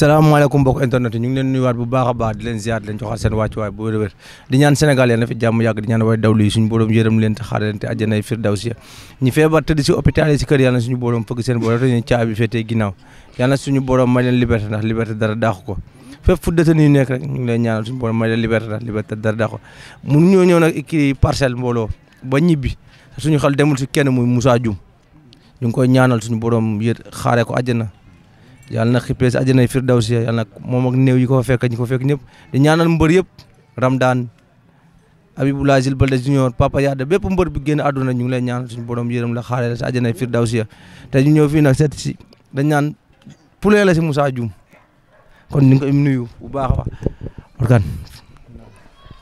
salaamaaleykum mbokk internet yi ñu leen nuyuwaat bu baax a baax di leen ziar di leen joxaat seen wàccuwaay bu wér-wér di ñaan Sénégal yàlla na fi jàmm yàgg di ñaan way dawlu suñu borom yërëm leen te xaare leen te àjjanay firdawsi ñu feebar tëdd si hôpital yi si kër yàlla na suñu borom fëgg seen borom te ñu caabi na suñu borom may leen liberté ndax liberté dara daaxu ko fépp fu détenu yi nekk rek ñu ngi leen suñu borom may leen liberté ndax liberté dara daaxu mun ñoo ñëw demul si kenn muy Moussa Dioum ñu ngi koy ñaanal suñu borom yër xaare ko àjjana yàlla na xippee si àjjana firdawsi yàlla nag moom ak néew yi ko fa fekk ñi ko fekk ñëpp di ñaanal mbër yëpp Ramdan Abibullah Zil Balde Junior Papa Yade bépp mbër bi génn àdduna ñu ngi lay ñaanal suñu borom yërëm la xaaree la si àjjana firdawsi te ñu ñëw fii nag seet si dañ ñaan poulet la si Moussa Dioum kon ñu ngi koy nuyu bu baax a baax organ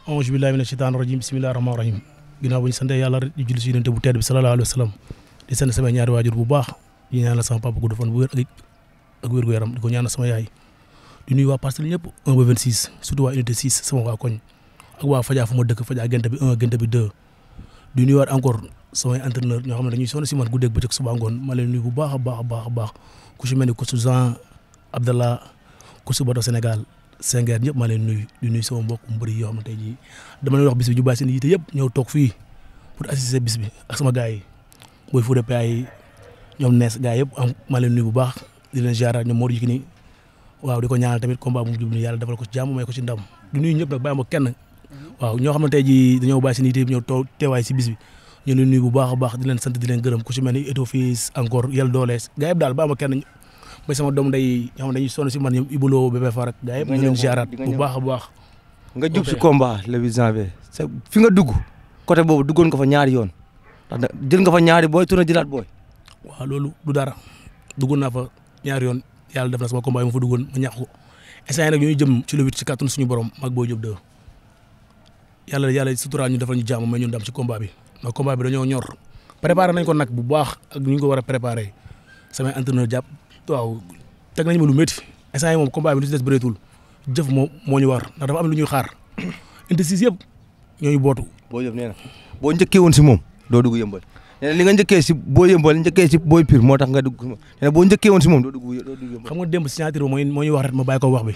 auzu billahi mina shaytaani rajim bismillahi rahmaani rahim ginnaaw bu yàlla di julli bu tedd bi sallallahu alayhi wa sallam di sant sama ñaari bu baax di ñaanal sama papa gudd fan ak wér gu yaram di ko ñaanal sama yaay di nuyu waa parcelle ñëpp 1 ba 26 surtout waa unité 6 sama waa koñ ak waa Fadja fu ma dëkk Fadja Gént bi 1 Gént bi 2. di nuyuwaat encore samay entraîneur ñoo xam ne dañuy sonn si man guddeeg bëccëg suba ngoon ma leen nuyu bu baax a baax a baax a baax ku si mel ni coach Jean Abdallah coach Bato Sénégal Senghor ñëpp maa leen nuyu di nuyu sama mbokk mbëri yoo xam ne tey jii dama leen wax bis bi ñu bàyyi seen yite yëpp ñëw toog fii pour assister bis bi ak sama gars yi mooy Fodé Pay ñoom nees gars yëpp am maa leen nuyu bu baax di leen ziaral ñoom Modou Yékini waaw di ko ñaanal tamit combat bu mu jublu yàlla defal ko ci jàmm may ko ci ndam du nuyu a ba sama doom a nga jub si combat le dugg côté boobu duggoon nga fa ñaari yoon ndax nga fa ñaari booy tourné jëlaat booy loolu du dara duggoon naa fa ñaari yoon yàlla def na sama combat yi ma fa duggoon ma ñàkk ko instant nag ñuy jëm ci le huit ci kàttanu suñu borom mag booy jub deux yàlla yàlla a ñu defal ñu jàmm mais ñun dam ci combat bi ndax combat bi dañoo ñor préparé nañ ko nag bu baax ak ñu ko war a préparé samay entraîneur jàpp waaw teg nañ ma lu métti instant yi moom combat bi lu ci des jëf moom moo ñu war ndax dafa am lu ñuy xaar intensité yëpp ñoo ñooñu bootu. boo jëf nee boo njëkkee woon si moom doo dugg yëmbal nee na li nga njëkkee si booy yëmbal njëkkee booy pir moo tax nga dugg nee na boo njëkkee woon si moom doo dugg doo dugg yëmbal xam nga démb signature bi mooy wax rek ma bàyyi ko wax bi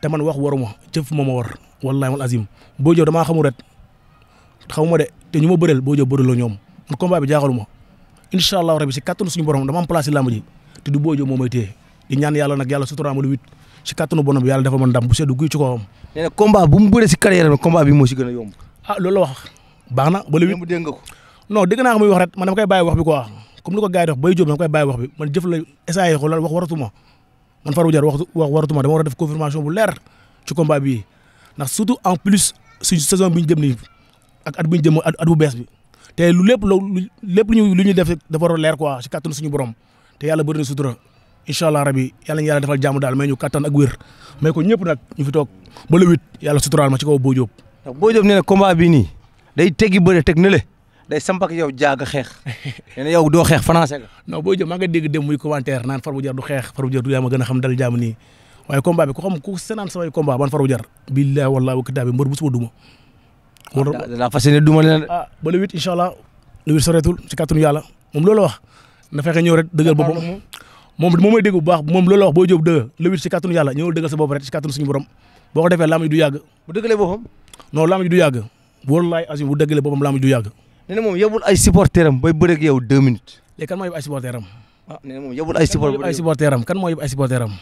te man wax waruma jëf moo ma war wallahi wal azim boo jow damaa xamul rek xamuma de te ñu ma bëreel boo jow bëreloo ñoom man combat bi jaaxaluma incha allah rabi si kàttanu suñu borom dama am place si làmb ji boo moo may téye di yàlla nag yàlla suturaama lu wit bi yàlla dafa mën ndam bu seddu guy ci kawam nee na combat bu mu bëree si carrière combat bi moo si gën a yomb ah loolu la wax na ba lu wit dégg nga ko non dégg naa ko muy wax rek man dama koy bàyyi wax bi quoi comme ni ko gars yi def bay jóob dama koy bàyyi wax bi man jëf la essayé ko loolu wax waratuma man Farou Diar wax wax waratuma dama war a def confirmation bu leer ci combat bii ndax surtout en plus suñ saison bi ñu jëm nii ak at bi ñu jëm at bu bees bi te lu lépp lu lépp lu ñu lu ñuy def dafa war a leer quoi ci kàttanu suñu borom te yàlla bëri na sutura incha allah rabi yàlla ñu yàlla defal jàmm daal may ñu kattan ak wér may ko ñëpp nag ñu fi toog ba le huit yàlla suturaal ma ci kaw Boy Diop. ndax Boy Diop nee na combat bii nii day teggi bëre teg na le day samp ak yow jaaga xeex nee na yow doo xeex français nga. non booy jëm maa ngi dégg dem muy commentaire naan Farba du xeex Farba Diar du yaa ma gën a xam dal jaamu nii waaye combat bi xam ku senaan samay combat ban Farba Diar. wallahi wa kitaabi mbër bu suba duma. moo tax la fas duma leen. ah ba le huit si kàttanu yàlla moom loolu wax na fexe ñëw rek dëggal boppam moom moom mooy dégg bu moom loolu wax boo jóob dëgg le huit si kàttanu yàlla ñëwul dëggal sa bopp rek si kàttanu suñu borom boo ko defee bu dëggalee boppam. non laam yi du yàgg wallaay yàgg nee na moom yebul ay supporteram bay bëre ak yow deux minutes. léegi kan moo yeb ay supporteram. Ah, moom yebul ay. supporteram kan moo yeb ay supporteram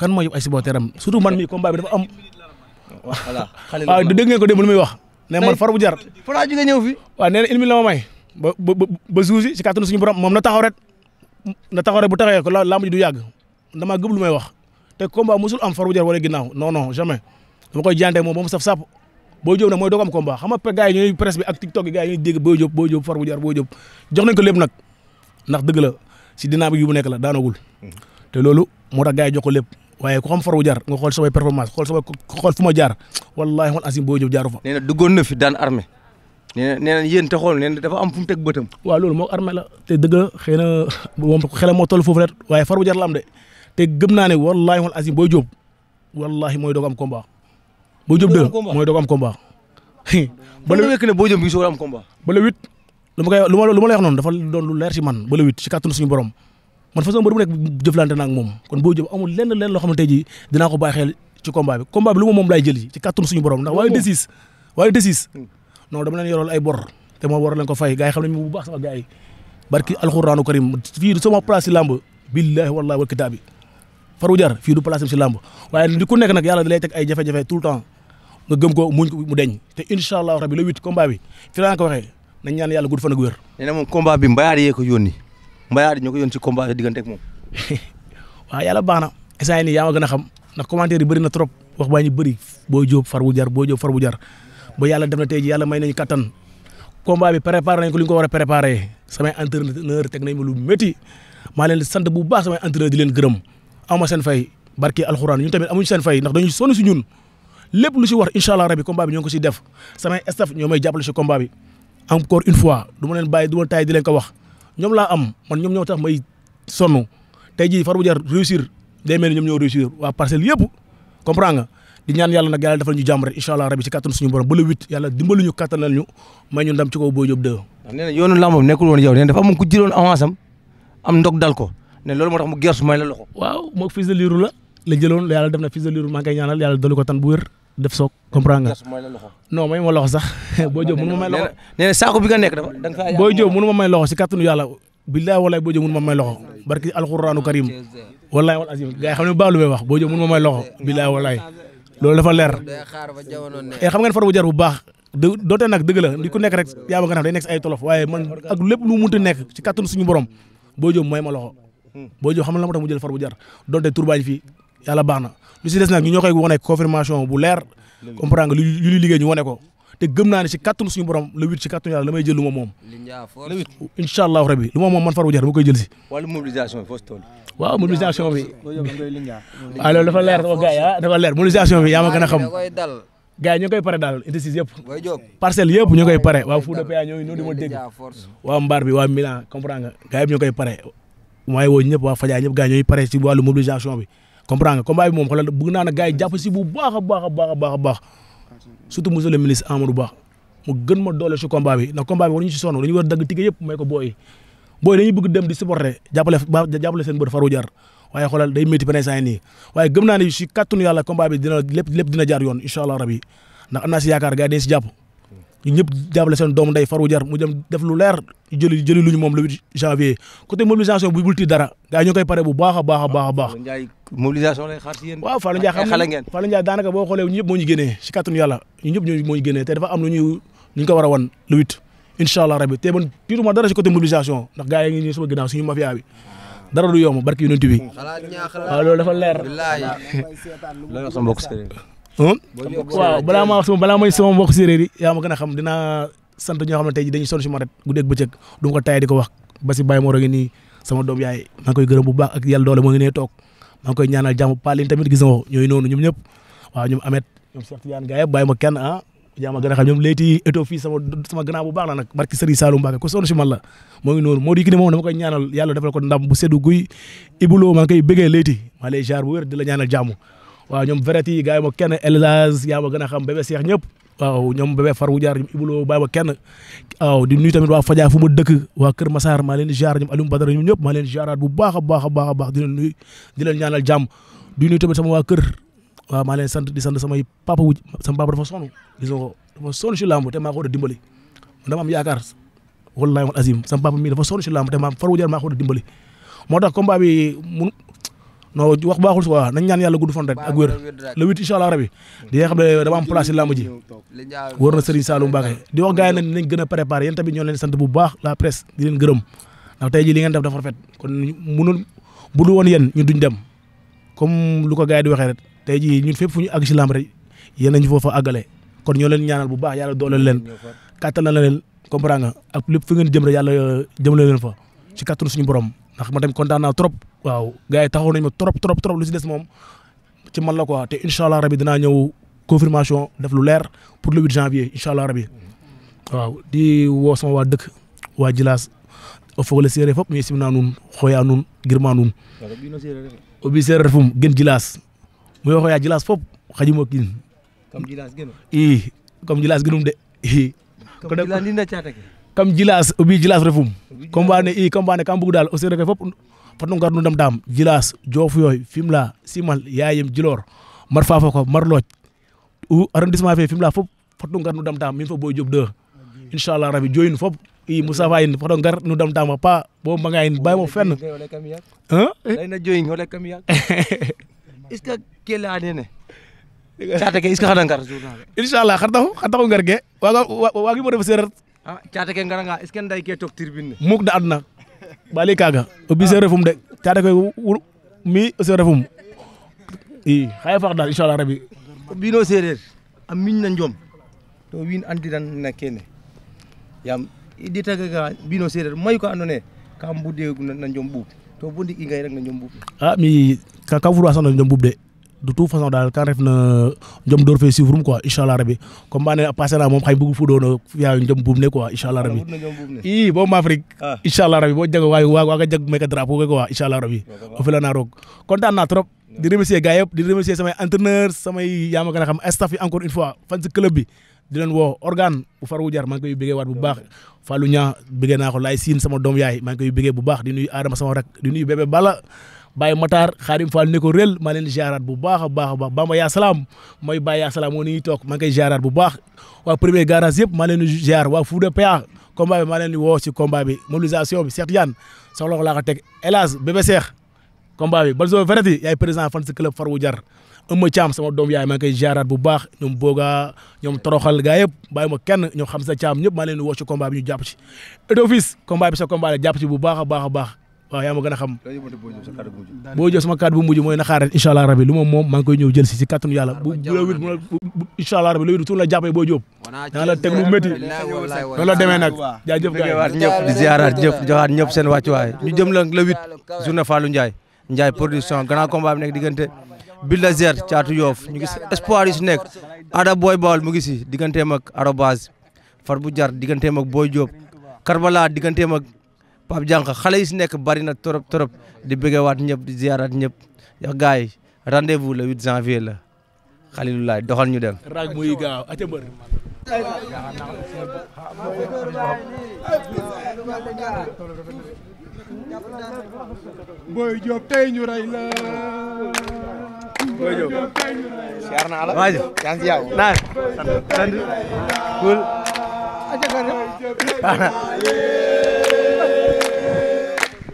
kan moo yeb ay supporteram surtout man mii combat bi dafa am. voilà xale ah, la waaw dégg ngeen ko démb lu muy wax. ne man far bu jar. Fara ji nga ñëw fi. waaw ma may. ba ba ba suusi si kàttanu suñu borom moom na taxaw rek na taxaw rek bu taxawee ko lamb ji du yàgg damaa gëm lu may wax te combat musul am far bu jar wala ginnaaw non non jamais dama koy jaante moom ba mu saf sàpp Boy Diop nag mooy doog am combat xam nga gars yi ñooy presse bi ak TikTok yi gars yi ñooy dégg Boy Diop Boy Diop far bu jar Boy Diop jox nañ ko lépp nag ndax dëgg la si dynamique yu bu nekk la daanagul mm-hmm. te loolu moo tax gars yi jox ko lépp waaye ko xam far bu jar nga xool samay performance xool samay xool fu ma jaar wallaahi xool asim Boy Diop jaaru fa. nee na fi daan armée nee xool nee na dafa am fu mu teg bëtam. waa loolu moo armée la te dëgg la xëy na moom xelam moo toll foofu rek waaye far bu jar la am de te gëm naa ne wallaahi xool asim Boy Diop wallaahi mooy doog am combat boo jëm deux mooy boo jëm bi soog am lu ma koy lu ma lu noonu dafa leer ci man ba le huit ci kàttanu suñu borom man façon mbër bu nekk jëflante na moom kon boo jëm leen loo xam ne tey jii dinaa ko bàyyi xel ci combat bi combat bi lu ma moom laay jël ci suñu borom ndax waaye desis waaye desis hmm. non dama leen yorool ay bor te moo war leen ko fay gars yi xam nañu bu baax sama gars yi barki alxuraanu karim fii sama place ci làmb billahi wallahi wal kitaabi faru jar fii du place am ci nga gëm ko mu deñ te incha allah rabi le huit combat bi fi laa ko waxee nañ ñaan yàlla gudd fan ak wér. nee na moom combat bi mbayaar yee ko yónni mbayaar ñoo ko yónni ci combat bi diggante ak moom. na instant yii nii a xam ndax commentaire yi bëri na trop wax baa ñu bëri boo jóob far bu jar boo jóob far bu jar ba yàlla def tey yàlla may nañu kattan combat bi préparé nañ ko li ñu ko war a préparé samay entraîneur teg nañ ma lu métti maa leen di sant bu baax samay entraîneur di leen gërëm aw ma seen fay barki alxuraan ñun tamit amuñu seen fay ndax dañuy sonn si ñun lépp lu si war incha allah rabi combat bi ñoo ngi ko siy def samay staff ñoo may jàppale si combat bi encore une fois du ma leen bàyyi du ma taay wax ñoom laa am man ñoom ñoo tax may sonn tey jii Far Bou Diar réussir day mel ni ñoom ñoo réussir waa parcelle yëpp comprend nga di ñaan yàlla nag yàlla defal ñu jàmm rek incha si kattan suñu borom ba le dimbalu ñu kattanal ñu may ñu ndam ci ah, ko ne loolu moo tax mu gersu may la loxo. waaw def soog comprendre nga non may ma loxo sax ah, boo jóob mënu ma may loxo bi nga nekk dafa boo jóob mënu ma may loxo si kàttanu yàlla billaay walaay boo jóob mënu ma may loxo barki alxuraanu karim walaay wal azim gars ne bu baax lu wax boo jóob mënu ma may loxo billaay walaay loolu dafa leer e xam ngeen far bu jar bu baax d dootee nag ndi la ku nekk rek yaa ma nga xam day nekk si ay tolof waaye man ak lépp lu mu mënta nekk si kàttanu suñu borom boo jóob may ma loxo hmm. boo jóob xam la ma tax mu jël far bu jar doonte turbañ fii yàlla baax na lu si des nag ñu ñoo koy wane confirmation bu leer comprendre nga lu lu liggéey ñu wane ko te gëm naa ne si kàttanu suñu borom le huit si kàttanu yàlla damay jël lu ma moom. le huit incha allahu rabi lu ma moom man Farba Diatta dama koy jël si. wàllu mobilisation bi foofu toll. waaw mobilisation bi. waaw ah, loolu dafa leer sama gars yi ah dafa leer mobilisation bi yaa ma gën a xam. gars yi ñu ngi koy pare daal indices yëpp. parcelles yëpp ñu ngi koy pare waa Fouta PA ñoo ñoo di ma dégg. waa Mbar bi waa Milan comprendre nga gars yëpp ñu ngi koy pare. waaye woo ñëpp waa Fadja ñëpp gars yi ñooy pare si wàllu mobilisation bi comprendre nga combat moom xoolal bëgg naa ne gars yi jàpp si bu baax a baax a baax ma doole si combat bi ndax combat bi waruñu si sonn dañu yëpp may ko booy booy dañuy bëgg dem di supporter jàppale jàppale seen bët faru jar waaye xoolal day métti benn naa ne si kàttanu yàlla combat bi dina lépp lépp dina jaar yoon incha allah rabi ñëpp jàppale seen doomu ndey faru jar mu dem def lu leer jëli jëli luñu moom le 8 janvier côté mobilisation bu bul dara gars ñu koy pare bu baax a baax a baax a baax mobilisation lay xaar ci yéen. waaw Fallou Ndiaye xam nga Fallou Ndiaye daanaka boo xoolee ñun ñëpp moo ñu génnee si kàttanu yàlla ñun ñëpp ñoo ñu génnee te dafa am lu ñuy lu ñu ko war a wan le huit incha allah rabi te man tiituma dara si côté mobilisation ndax gars yi ngi nii sama ginnaaw suñu mafia bi dara du yomb barki yonent bi waaw loolu dafa leer. looy wax sama mbokk séeréer. waaw balaa maa wax sama balaa may sama mbokk séeréer yi yaa ma gën a xam dinaa sant ñoo xam ne tey jii dañuy sonn si ma ret guddeeg bëccëg du ma ko tayee di ko wax ba si Baye Mor a ngi nii sama doom yaay maa ngi koy gërëm bu baax ak yàlla doole moo ngi nee toog maa ngi koy ñaanal jàmm Paalin tamit gis nga ñooy noonu ñoom ñëpp waaw ñoom Amet ñoom Cheikh Tidiane Gaye bàyyi ma kenn ah gën a xam ñoom léyti éto fii sama sama grand bu baax la nag barki Serigne Saloum Mbacké ko sonn si man la moo ngi noonu moo di ki ne moom dama koy ñaanal yàlla defal ko ndam bu seddu guy ibuloo maa ngi koy bëggee léyti maa jaar bu wér di la ñaanal jàmm waaw ñoom verati yi gars kenn Elage yaa ma gën a xam bébé Cheikh ñëpp waaw ñoom bébé far wu jaar ñoom ibuloo bàyyi ba kenn waaw di nuyu tamit waa Fadia fu ma dëkk waa Kër Massar maa leen jaar ñoom Alioune Badara ñoom ñëpp maa leen di jaaraat bu baax a baax a baax a baax di leen nuyu di leen ñaanal jàmm di nuyu tamit sama waa kër waaw leen sant di sant samay papa wu sama papa dafa sonn gis nga ko dafa sonn si làmb te maa ko war a dimbali dama am yaakaar wallaahi wal azim sama papa mii dafa sonn si làmb te maa far wu jaar maa ko a dimbali moo tax non wax baaxul si waaw nañ ñaan yàlla gudd fan rek a wér le huit incha allah rabi di nga xam ne dama am place si ji wóor na Serigne Saloum Mbacké di wax gars yi nag nañ gën a préparé yéen tamit ñoo leen sant bu baax la presse di leen gërëm ndax tey jii li ngeen def dafa rafet kon mënul bu dul woon yéen ñu duñ dem comme lu ko gars yi di waxee rek tey jii ñun fépp fu ñu àgg si làmb rek yéen nañu foofa àggale kon ñoo leen ñaanal bu baax yàlla dooleel leen kàttan na leen comprendre nga ak lépp fi ngeen jëm rek yàlla jëmale leen fa ci kàttanu suñu borom ndax ma dem kontaan naa trop waaw gars yi taxaw nañ ma trop trop trop lu si des moom ci man la quoi te incha allah rabi dinaa ñëw confirmation def lu leer pour le 8 janvier incha allah rabi waaw di woo sama waa dëkk waa Jilaas o fogole séeréer fop mi simna nuun xooya nuun girma nuun o ɓiy séeréer fum gen Jilaas mu xooya Jilaas fop xajum o kiin i comme Jilaas genum de i kam jilas o ɓiy jilas refum combane i combane kam bug dal o sereer fop fat ngar nu ndam taam jilas Diofiyoy Fimela Simal Yayem Djilor mar fa fokof mar looc arrondissement fe Fimela fop fat ngar nu ndam taam min fo Boy Diop 2 inchallah rabi joyin fop i Moustapha in fat ngar nu ndam taam a paax mbanga in bàyyi mo fenn leyna ke leya nene caate ke est-ce ngar jour naaga inchallah xar taxu xar taxu ngar ke waaga Ah, caate ke ngaranga est ce que ke took tribune muk da adna ɓaali kaaga o bi de caate ke mi seereer refum i xaye faax daal inchallah rabbi o ɓiino seereer a miñ na njom to wiin andiran na kene yaam i ɗetagaga ɓiino seereer mayu ka andoona yee ka mbudeegu na njom ɓuuɓ to bo ndik i ngay rek na njom ɓuuɓ a ah, ka furwa sax na njom ɓuuɓ de de toute façon daal kan ref na jom door fe suivre quoi inchallah rabbi comme ba ne passé na moom xay bugu fu doona fiya jom buub ne quoi inchallah rabbi ah, i bo ma afrique ah. inchallah rabbi bo jag waaga jag meke drapeau ke quoi inchallah rabbi o fela na roog kontaan naa trop di remercier gars yëpp di samay entraîneur samay yaa ma a xam staff yi encore une fois fan si bi di woo organe bu faru jar maa ngi koy bëggee waat naa ko laay siin sama doom yaay maa ngi koy bu baax di nuyu Adama Baye Matar Xaadim Fall ne ko réel maa leen ziaraat bu baax a baax a baax Bamba yaa salaam mooy Baye yaa salaam moo ni ñuy toog maa ngi bu baax waa premier garage yëpp maa leen di ziar waa Fouda PA combat bi maa leen di woo ci combat bi mobilisation bi Cheikh Tidiane soxla ko laa ko teg hélas bébé Cheikh combat bi Balzo Ferretti yaay président fan si club Jar Eumeu Thiam sama doom yaay maa ngi koy ziaraat bu baax ñoom Boga ñoom Toroxal gaa yëpp bàyyi ma kenn ñoom xam sa Thiam ñëpp maa leen woo ci combat bi jàpp ci. et office sa combat jàpp ci bu baax a baax a baax waaw yaa ma a xam boo jël sama kàddu bu mujj mooy na xaaral incha allah lu moom moom maa koy ñëw jël si si kàttanu yàlla bu la wit mu incha allah wit tuun la jàppee boo jóob ñu jëm la le huit journée Fallou Ndiaye production grand combat nekk diggante Bulldozer Thiatou Yoff ñu gis espoir yi nekk Ada Boy Baol mu ngi si digganteem ak Arobase Farbou Diar digganteem ak Boy Diop Pape Dianka xale yi si nekk bari na trop trop di bëggewaat ñëpp di ziaraat ñëpp yow gars la Xalilulaay doxal ñu dem. raag la. Boy Diop ñu rey